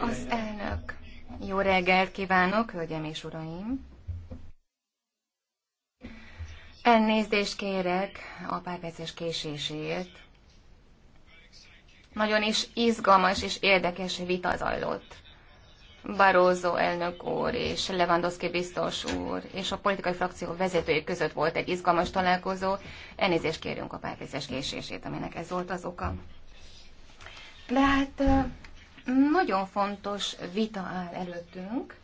Az elnök. Jó reggelt kívánok, hölgyem és uraim! Elnézést kérek a párvezés késéséért. Nagyon is izgalmas és érdekes vita zajlott. Barózó elnök úr és Lewandowski biztos úr és a politikai frakció vezetői között volt egy izgalmas találkozó. Elnézést kérünk a párbeszés késését, aminek ez volt az oka. De hát nagyon fontos vita áll előttünk,